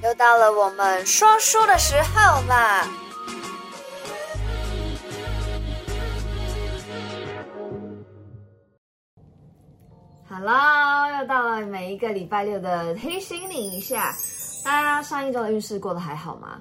又到了我們說書的時候啦，好 e 又到了每一個禮拜六的黑心領一下，大家上一周的運勢過得還好嗎？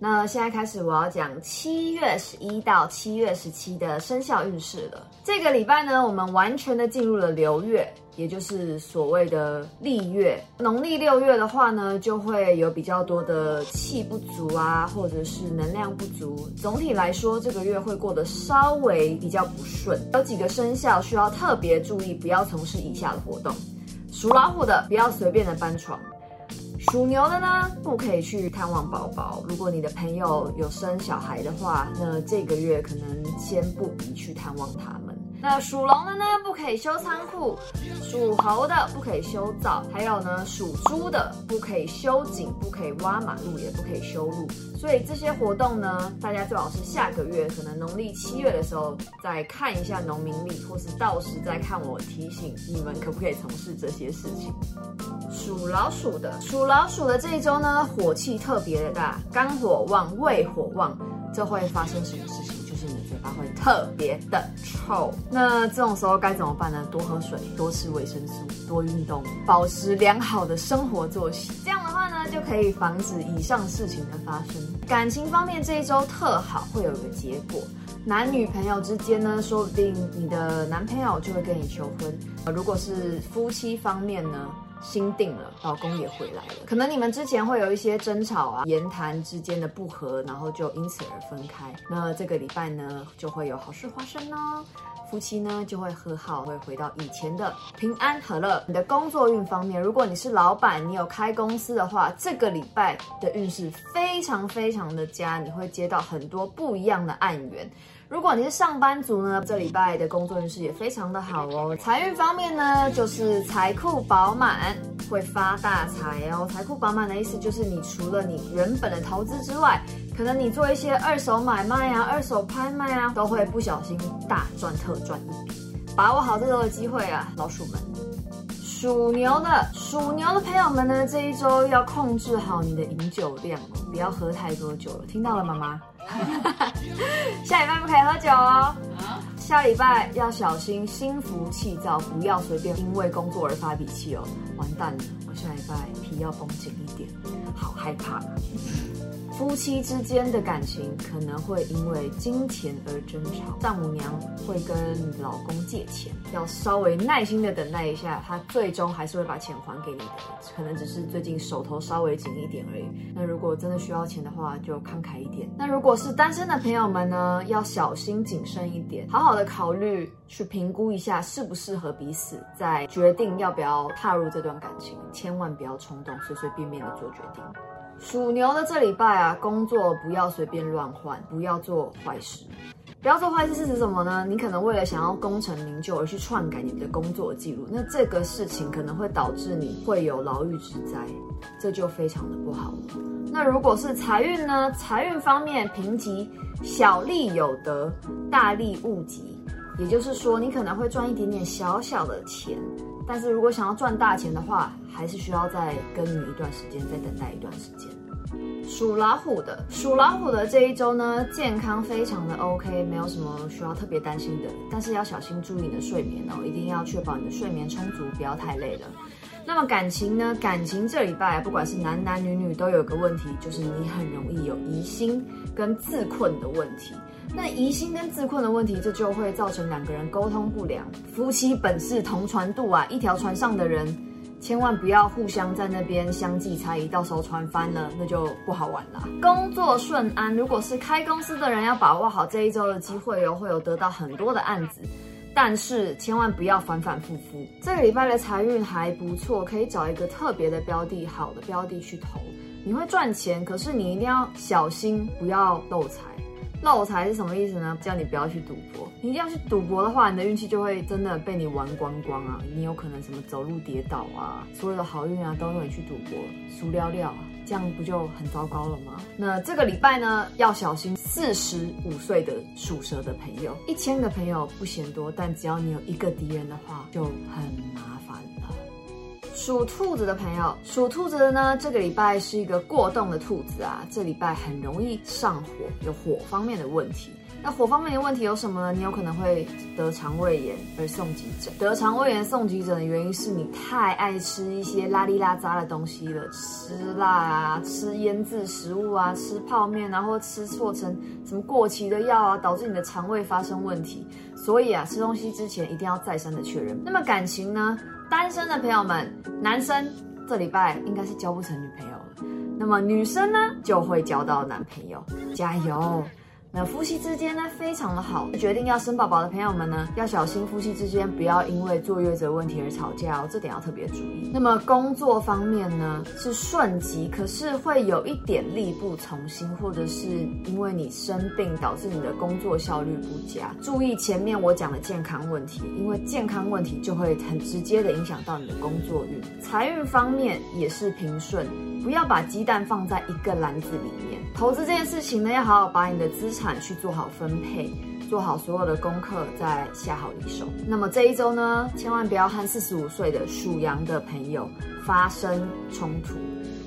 那現在開始，我要講七月十一到七月十七的生肖運勢了。這個禮拜呢，我們完全的進入了流月。也就是所謂的荔月，農曆六月的話呢，就會有比較多的氣不足啊，或者是能量不足。總體來說，這個月會過得稍微比較不順，有幾個生肖需要特別注意，不要從事以下的活動：屬老虎的，不要隨便的搬床；屬牛的呢，不可以去探望寶寶。如果你的朋友有生小孩的話，那這個月可能先不宜去探望他們。那屬龍的呢，不可以修倉庫；屬猴的不可以修灶，還有呢，屬豬的不可以修井，不可以挖馬路，也不可以修路。所以這些活動呢，大家最好是下個月，可能農曆七月的時候再看一下農民曆，或是到時再看我提醒你們可不可以從事這些事情。屬老鼠的，屬老鼠的這一周呢，火氣特別的大，肝火旺，胃火旺，這會發生什麼事情？它會特別的臭，那這種時候該怎麼辦呢？多喝水，多吃維生素，多運動，保持良好的生活作息。這樣的話呢，就可以防止以上事情的發生。感情方面這一周特好，會有一個結果。男女朋友之間呢，說不定你的男朋友就會跟你求婚。如果是夫妻方面呢？心定了，老公也回來了。可能你們之前會有一些爭吵啊，言談之間的不和，然後就因此而分開。那這個禮拜呢，就會有好事發生哦，夫妻呢就會和好，會回到以前的平安和樂。你的工作運方面，如果你是老闆，你有開公司的話，這個禮拜的運勢非常非常的佳，你會接到很多不一樣的案源。如果你是上班族呢，這禮拜的工作運勢也非常的好哦。財運方面呢，就是財庫飽滿，會發大財哦。財庫飽滿的意思就是，你除了你原本的投資之外，可能你做一些二手買賣啊、二手拍賣啊，都會不小心大賺特賺一筆。把握好這週的機會啊，老鼠們。屬牛的，屬牛的朋友們呢，這一周要控制好你的飲酒量，不要喝太多酒了。聽到了嗎？媽， 下禮拜不可以喝酒哦。下禮拜要小心心浮氣躁，不要隨便因為工作而發脾氣哦。完蛋了，我下禮拜皮要繃緊一點，好害怕。夫妻之間的感情可能會因為金錢而爭吵，丈母娘會跟老公借錢，要稍微耐心的等待一下，她最終還是會把錢還給你的，可能只是最近手頭稍微緊一點而已。那如果真的需要錢的話，就慷慨一點。那如果是單身的朋友們呢，要小心謹慎一點，好好的考慮去評估一下適不適合彼此，再決定要不要踏入這段感情，千萬不要衝動，隨隨便便的做決定。屬牛的這禮拜啊，工作不要隨便亂換，不要做壞事。不要做壞事是指什麼呢？你可能為了想要功成名就而去篡改你的工作記錄，那這個事情可能會導致你會有牢獄之災，這就非常的不好了。那如果是財運呢？財運方面評級小利有得，大利勿及。也就是說，你可能會賺一點點小小的錢。但是如果想要賺大錢的話，還是需要再耕耘一段時間，再等待一段時間。屬老虎的，屬老虎的這一周呢，健康非常的 OK，沒有什麼需要特別擔心的，但是要小心注意你的睡眠哦，一定要確保你的睡眠充足，不要太累了。那麼感情呢？感情這禮拜啊，不管是男男女女都有個問題，就是你很容易有疑心跟自困的問題。那疑心跟自困的問題，這就會造成兩個人溝通不良。夫妻本是同船渡啊，一條船上的人，千萬不要互相在那邊相繼猜疑，到時候船翻了，那就不好玩了。工作順安，如果是開公司的人，要把握好這一周的機會喲、哦，會有得到很多的案子。但是千萬不要反反复复。這個禮拜的財運還不錯，可以找一個特別的標的，好的標的去投，你會賺錢。可是你一定要小心，不要漏財。漏財是什麼意思呢？叫你不要去賭博。你一定要去賭博的話，你的運氣就會真的被你玩光光啊！你有可能什麼走路跌倒啊，所有的好運啊，都讓你去賭博輸了了啊。這樣不就很糟糕了嗎？那這個禮拜呢，要小心四十五歲的屬蛇的朋友。一千個朋友不嫌多，但只要你有一個敵人的話，就很麻煩了。屬兔子的朋友，屬兔子的呢，這個禮拜是一個過動的兔子啊，這禮拜很容易上火，有火方面的問題。那火方面的問題有什麼呢？你有可能會得腸胃炎而送急診。得腸胃炎送急診的原因是你太愛吃一些邋裡邋遢的東西了，吃辣啊、吃醃製食物啊、吃泡麵，然後吃錯成什麼過期的藥啊，導致你的腸胃發生問題。所以啊，吃東西之前一定要再三的確認。那麼感情呢？單身的朋友們，男生這禮拜應該是交不成女朋友了。那麼女生呢，就會交到男朋友。加油！那夫妻之間呢，非常的好，決定要生寶寶的朋友們呢，要小心，夫妻之間不要因為坐月子的問題而吵架，哦，這點要特別注意。那麼工作方面呢是順吉，可是會有一點力不從心，或者是因為你生病導致你的工作效率不佳。注意前面我講的健康問題，因為健康問題就會很直接的影響到你的工作運。財運方面也是平順，不要把雞蛋放在一個籃子裡面。投資這件事情呢要好好把你的資產。去做好分配，做好所有的功課，再下好離手。那麼這一周呢，千萬不要和四十五歲的屬羊的朋友發生衝突。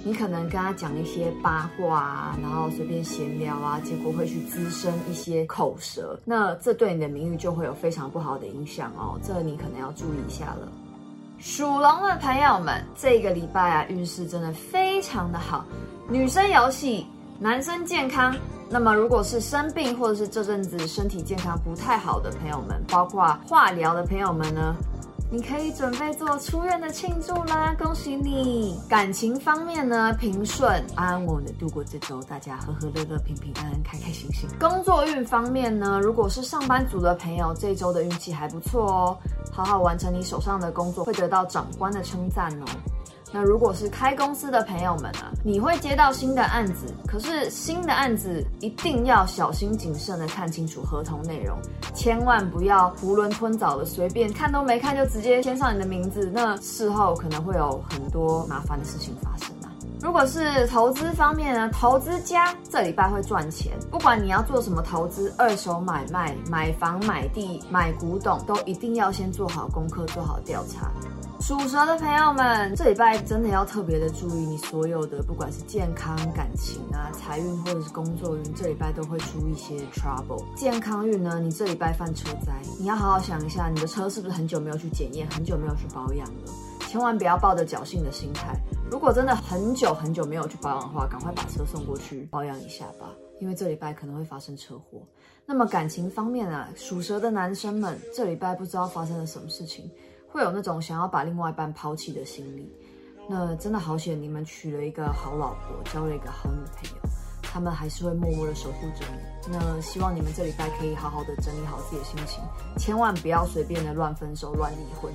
你可能跟他講一些八卦啊，然後隨便閒聊啊，結果會去滋生一些口舌。那這對你的名譽就會有非常不好的影響哦，這你可能要注意一下了。屬龍的朋友們，這個禮拜啊，運勢真的非常的好。女生遊戲。男生健康，那麼如果是生病或者是這陣子身體健康不太好的朋友們，包括化療的朋友們呢，你可以準備做出院的慶祝啦，恭喜你！感情方面呢，平順安穩的度過這周，大家和和樂樂，平平安安，開開心心。工作運方面呢，如果是上班族的朋友，這周的運氣還不錯哦，好好完成你手上的工作，會得到長官的稱讚哦。那如果是開公司的朋友們啊，你會接到新的案子，可是新的案子一定要小心謹慎的看清楚合同內容，千萬不要囫圇吞棗的隨便看都沒看就直接簽上你的名字。那事後可能會有很多麻煩的事情發生啊！如果是投資方面呢？投資家這禮拜會賺錢，不管你要做什麼投資、二手買賣、買房、買地、買古董，都一定要先做好功課，做好調查。屬蛇的朋友們，這禮拜真的要特別的注意，你所有的不管是健康、感情啊、財運或者是工作運，這禮拜都會出一些 trouble。健康運呢，你這禮拜犯車災，你要好好想一下，你的車是不是很久沒有去檢驗，很久沒有去保養了？千萬不要抱着僥倖的心態，如果真的很久很久沒有去保養的話，趕快把車送過去保養一下吧，因為這禮拜可能會發生車禍。那麼感情方面啊，屬蛇的男生們，這禮拜不知道發生了什麼事情。會有那種想要把另外一半拋棄的心理，那真的好險！你們娶了一個好老婆，交了一個好女朋友，他們還是會默默的守護着你。那希望你們這禮拜可以好好的整理好自己的心情，千萬不要隨便的亂分手、亂離婚，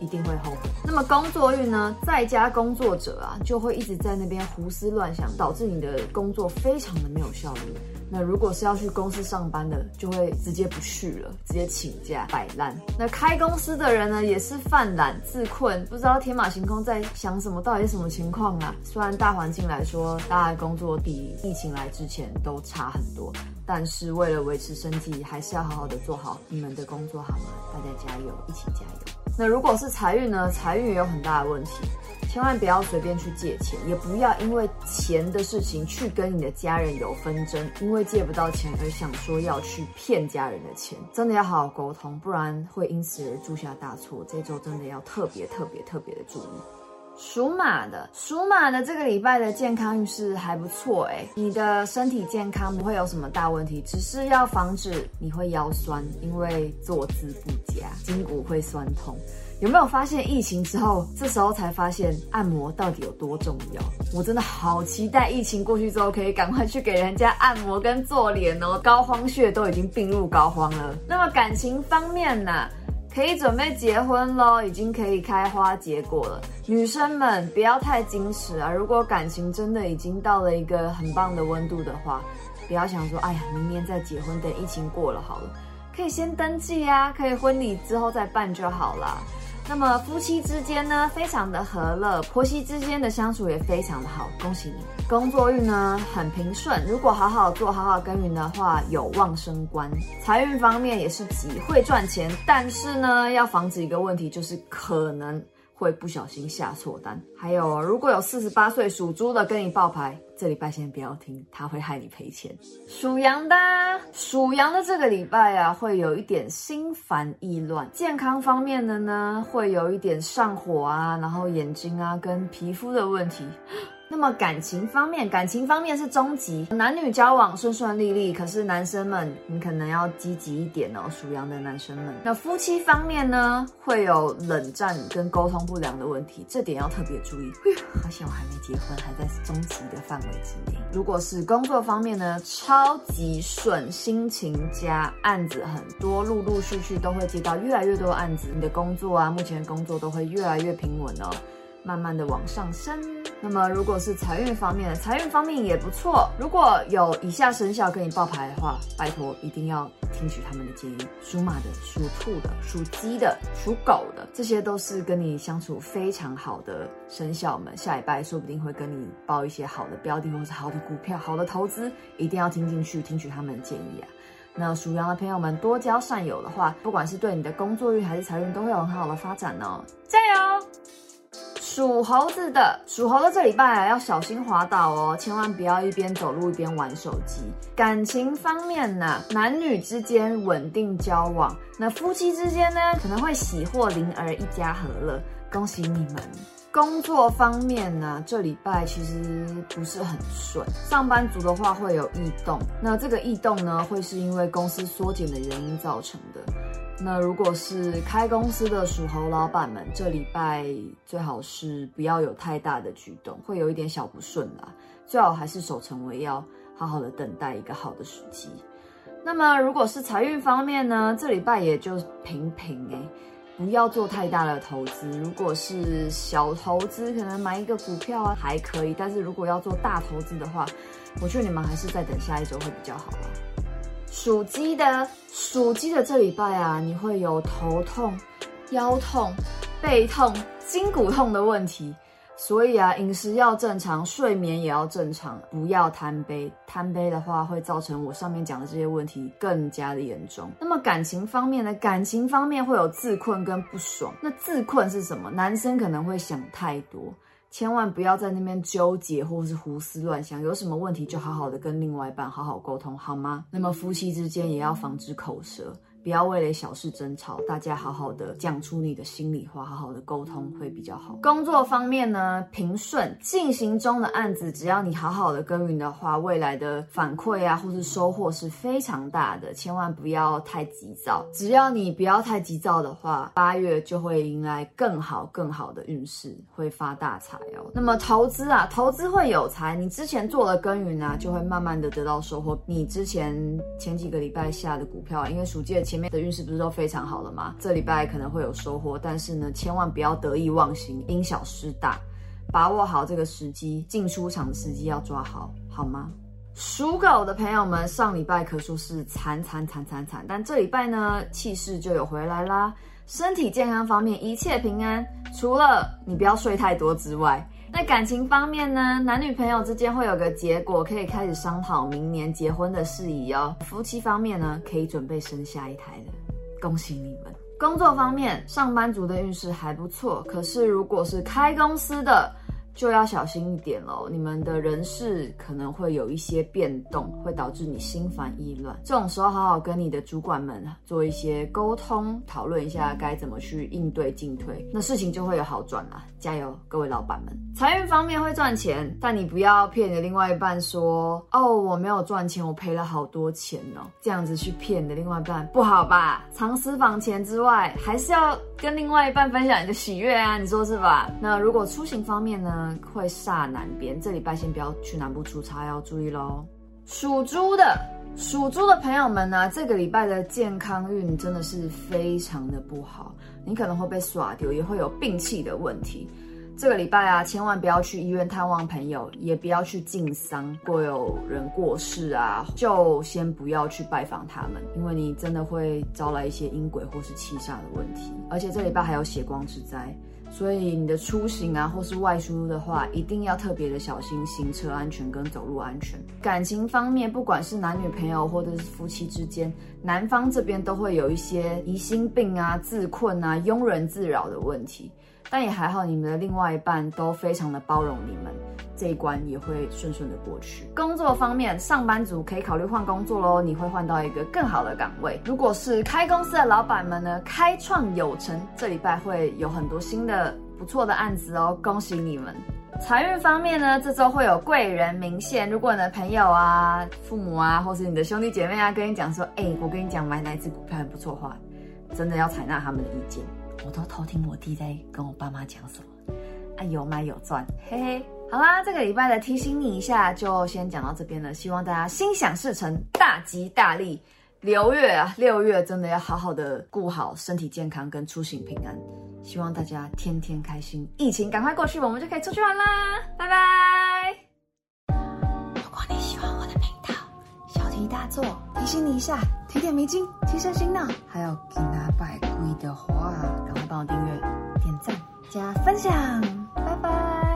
一定會後悔。那麼工作運呢？在家工作者啊，就會一直在那邊胡思亂想，導致你的工作非常的沒有效率。那如果是要去公司上班的，就會直接不去了，直接請假擺爛。那開公司的人呢，也是犯懶自困，不知道天馬行空在想什麼，到底是什麼情況啊？雖然大環境來說，大家工作比疫情來之前都差很多，但是為了維持生計，還是要好好的做好你們的工作，好嗎？大家加油，一起加油。那如果是財運呢？財運也有很大的問題。千萬不要隨便去借錢，也不要因為錢的事情去跟你的家人有紛爭，因為借不到錢而想說要去騙家人的錢，真的要好好溝通，不然會因此而鑄下大錯。這週真的要特別特別特別的注意。屬馬的，屬馬的這個禮拜的健康運勢還不錯誒，你的身體健康不會有什麼大問題，只是要防止你會腰酸，因為坐姿不佳，筋骨會酸痛。有沒有發現疫情之後，這時候才發現按摩到底有多重要？我真的好期待疫情過去之後，可以趕快去給人家按摩跟做臉哦。膏肓穴都已經病入膏肓了，那麼感情方面呢、啊？可以準備結婚咯，已經可以開花結果了。女生們不要太矜持啊！如果感情真的已經到了一個很棒的溫度的話，不要想說，哎呀，明年再結婚，等疫情過了好了，可以先登記啊，可以婚禮之後再辦就好啦。那麼夫妻之間呢，非常的和樂，婆媳之間的相處也非常的好，恭喜你。工作運呢很平順，如果好好做，好好耕耘的話，有望升官。財運方面也是極會賺錢，但是呢，要防止一個問題，就是可能。會不小心下錯單，還有啊，如果有四十八歲屬豬的跟你報牌，這禮拜先不要聽，他會害你賠錢。屬羊的，屬羊的這個禮拜啊，會有一點心煩意亂，健康方面的呢，會有一點上火啊，然後眼睛啊跟皮膚的問題。那麼感情方面，感情方面是中級，男女交往順順利利。可是男生們，你可能要積極一點哦，屬羊的男生們。那夫妻方面呢，會有冷戰跟溝通不良的問題，這點要特別注意。嘿，好險我還沒結婚，還在中級的範圍之內。如果是工作方面呢，超級順，心情佳，案子很多，陸陸續續都會接到越來越多的案子。你的工作啊，目前工作都會越來越平穩哦，慢慢的往上升。那麼，如果是財運方面，財運方面也不錯。如果有以下生肖跟你報牌的話，拜托一定要聽取他們的建議。屬馬的、屬兔的、屬雞的、屬狗的，這些都是跟你相處非常好的生肖們，下禮拜說不定會跟你報一些好的標的或是好的股票、好的投資，一定要聽進去，聽取他們的建議啊。那屬羊的朋友們多交善友的話，不管是對你的工作運還是財運，都會有很好的發展呢、哦。加油！屬猴子的，屬猴的這禮拜、啊、要小心滑倒哦，千萬不要一邊走路一邊玩手機。感情方面呢、啊，男女之間穩定交往，那夫妻之間呢，可能會喜獲麟兒，一家和樂，恭喜你們。工作方面呢、啊，這禮拜其實不是很順，上班族的話會有異動，那這個異動呢，會是因為公司縮減的原因造成的。那如果是開公司的屬猴老板們，這禮拜最好是不要有太大的舉動，會有一點小不順啦。最好還是守成為要，好好的等待一個好的時機。那麼如果是財運方面呢？這禮拜也就平平欸，不要做太大的投資。如果是小投資，可能買一個股票還可以，但是如果要做大投資的話，我勸你們還是再等下一周會比較好啦。屬雞的，屬雞的這禮拜啊，你會有頭痛、腰痛、背痛、筋骨痛的問題，所以啊，飲食要正常，睡眠也要正常，不要貪杯，貪杯的話會造成我上面講的這些問題更加的嚴重。那麼感情方面呢？感情方面會有自困跟不爽，那自困是什麼？男生可能會想太多。千萬不要在那邊糾結或是胡思亂想，有什麼問題就好好的跟另外一半好好溝通，好嗎？那麼夫妻之間也要防止口舌。不要為了小事爭吵，大家好好的講出你的心裡話，好好的溝通會比較好。工作方面呢，平順進行中的案子，只要你好好的耕耘的話，未來的反饋啊，或是收穫是非常大的。千萬不要太急躁，只要你不要太急躁的話，八月就會迎來更好更好的運勢，會發大財哦。那麼投資啊，投資會有財，你之前做了耕耘啊，就會慢慢的得到收穫。你之前前幾個禮拜下的股票，因為暑假前。的運勢不是都非常好了嗎？這禮拜可能會有收穫，但是呢，千萬不要得意忘形，因小失大，把握好這個時機，進出場的時機要抓好，好嗎？屬狗的朋友們，上禮拜可說是慘慘慘慘慘，但這禮拜呢，氣勢就有回來啦。身體健康方面一切平安，除了你不要睡太多之外。那感情方面呢？男女朋友之間會有個結果，可以開始商討明年結婚的事宜哦。夫妻方面呢，可以準備生下一胎了，恭喜你們。工作方面，上班族的運勢還不錯，可是如果是開公司的。就要小心一點嘍，你們的人事可能會有一些變動，會導致你心煩意亂。這種時候，好好跟你的主管們做一些溝通，討論一下該怎麼去應對進退，那事情就會有好轉了。加油，各位老板們！財運方面會賺錢，但你不要騙你的另外一半說，哦，我沒有賺錢，我賠了好多錢呢、哦，這樣子去騙你的另外一半不好吧？藏私房錢之外，還是要跟另外一半分享你的喜悅啊，你說是吧？那如果出行方面呢？會煞南邊，這禮拜先不要去南部出差，要注意嘍。屬豬的，屬豬的朋友們呢、啊，這個禮拜的健康運真的是非常的不好，你可能會被耍掉，也會有病氣的問題。這個禮拜啊，千萬不要去醫院探望朋友，也不要去進商，如果有人過世啊，就先不要去拜訪他們，因為你真的會招來一些陰鬼或是氣煞的問題。而且這禮拜還有血光之災。所以你的出行啊，或是外出的話，一定要特別的小心行車安全跟走路安全。感情方面，不管是男女朋友或者是夫妻之間，男方這邊都會有一些疑心病啊、自困啊、庸人自擾的問題。但也還好，你們的另外一半都非常的包容你們，這一關也會順順的過去。工作方面，上班族可以考慮換工作咯，你會換到一個更好的崗位。如果是開公司的老闆們呢，開創有成，這禮拜會有很多新的不錯的案子哦，恭喜你們。財運方面呢，這週會有貴人明現，如果你的朋友啊、父母啊，或是你的兄弟姐妹啊，跟你講說，哎、欸，我跟你講買哪支股票很不錯話，真的要採納他們的意見。我都偷聽我弟在跟我爸媽講什麼，啊、哎，有賣有賺，嘿嘿。好啦，這個禮拜的提醒你一下，就先講到這邊了。希望大家心想事成，大吉大利。六月啊，六月真的要好好的顧好身體健康跟出行平安。希望大家天天開心，疫情趕快過去，我們就可以出去玩啦。拜拜。如果你喜歡我的頻道，小題大做提醒你一下。提點迷津，提神醒腦，還有給拿百意的話，趕快幫我訂閱、點贊、加分享，拜拜。拜拜。